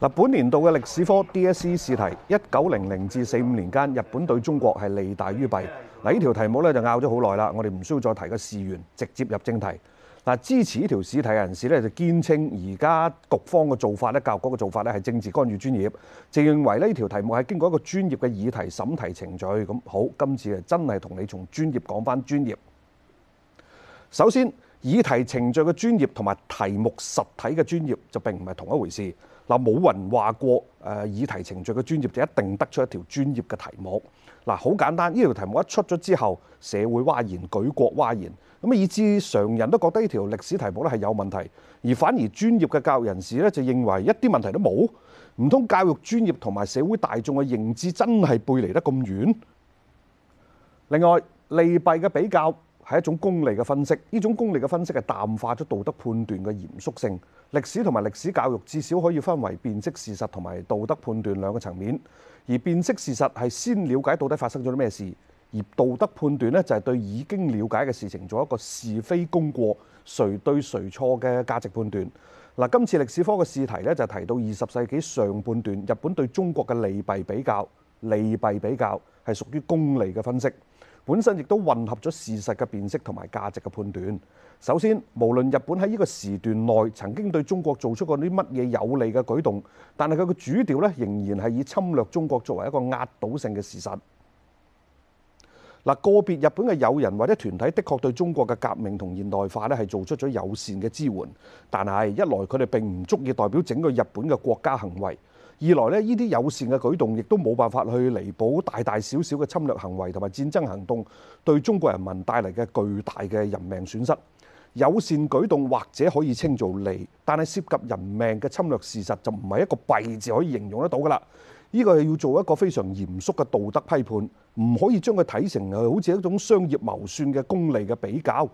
本年度嘅歷史科 DSE 試題，一九零零至四五年間，日本對中國係利大於弊。嗱，呢條題目咧就拗咗好耐啦。我哋唔需要再提個事源，直接入正題。嗱，支持呢條試題人士咧就堅稱，而家局方嘅做法咧，教育局嘅做法咧係政治干預專業，正認為呢條題目係經過一個專業嘅議題審題程序。咁好，今次係真係同你從專業講返專業。首先，議題程序嘅專業同埋題目實體嘅專業就並唔係同一回事。嗱，冇人話過誒，議題程序嘅專業就一定得出一條專業嘅題目。嗱，好簡單，呢條題目一出咗之後，社會譁然，舉國譁然，咁啊，以致常人都覺得呢條歷史題目咧係有問題，而反而專業嘅教育人士咧就認為一啲問題都冇，唔通教育專業同埋社會大眾嘅認知真係背離得咁遠？另外，利弊嘅比較。係一種功利嘅分析，呢種功利嘅分析係淡化咗道德判斷嘅嚴肅性。歷史同埋歷史教育至少可以分為辨識事實同埋道德判斷兩個層面，而辨識事實係先了解到底發生咗啲咩事，而道德判斷呢就係對已經了解嘅事情做一個是非功過誰對誰錯嘅價值判斷。嗱，今次歷史科嘅試題呢就提到二十世紀上半段日本對中國嘅利弊比較，利弊比較係屬於功利嘅分析。本身亦都混合咗事實嘅辨識同埋價值嘅判斷。首先，無論日本喺呢個時段內曾經對中國做出過啲乜嘢有利嘅舉動，但係佢個主調咧仍然係以侵略中國作為一個壓倒性嘅事實。嗱，個別日本嘅友人或者團體，的確對中國嘅革命同現代化咧係做出咗友善嘅支援，但係一來佢哋並唔足以代表整個日本嘅國家行為。二來呢，呢啲友善嘅舉動，亦都冇辦法去彌補大大小小嘅侵略行為同埋戰爭行動對中國人民帶嚟嘅巨大嘅人命損失。友善舉動或者可以稱做利，但係涉及人命嘅侵略事實，就唔係一個弊字可以形容得到噶啦。呢個係要做一個非常嚴肅嘅道德批判，唔可以將佢睇成係好似一種商業謀算嘅功利嘅比較。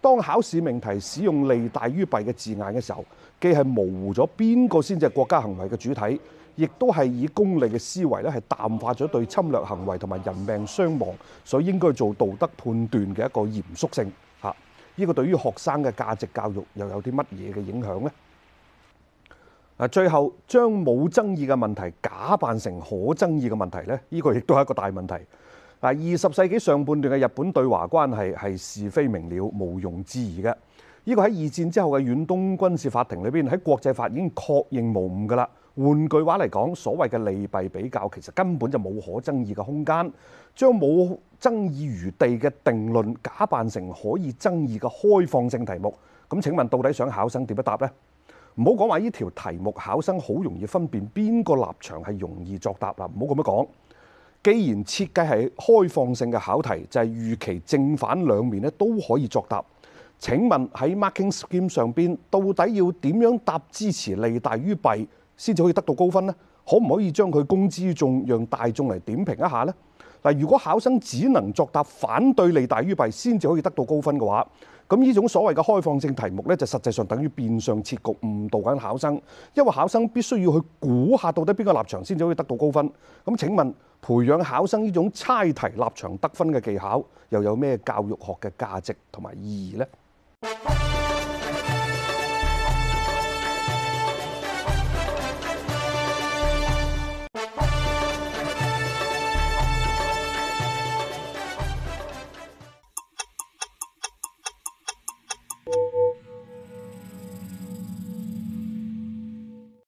當考試命題使用利大於弊嘅字眼嘅時候，既係模糊咗邊個先至係國家行為嘅主體。亦都係以功利嘅思維咧，係淡化咗對侵略行為同埋人命傷亡所應該做道德判斷嘅一個嚴肅性嚇。呢個對於學生嘅價值教育又有啲乜嘢嘅影響呢？最後將冇爭議嘅問題假扮成可爭議嘅問題呢？呢個亦都係一個大問題。嗱，二十世紀上半段嘅日本對華關係係是，是非明了，毋庸置疑嘅。呢個喺二戰之後嘅遠東軍事法庭裏邊喺國際法已經確認無誤噶啦。換句話嚟講，所謂嘅利弊比較其實根本就冇可爭議嘅空間，將冇爭議餘地嘅定論假扮成可以爭議嘅開放性題目。咁請問到底想考生點樣答呢？唔好講話呢條題目考生好容易分辨邊個立場係容易作答嗱，唔好咁樣講。既然設計係開放性嘅考題，就係、是、預期正反兩面咧都可以作答。請問喺 marking scheme 上邊到底要點樣答？支持利大於弊，先至可以得到高分呢？可唔可以將佢公之於眾，讓大眾嚟點評一下呢？嗱，如果考生只能作答反對利大於弊，先至可以得到高分嘅話，咁呢種所謂嘅開放性題目呢，就實際上等於變相設局，誤導緊考生，因為考生必須要去估下到底邊個立場，先至可以得到高分。咁請問，培養考生呢種猜題立場得分嘅技巧，又有咩教育學嘅價值同埋意義呢？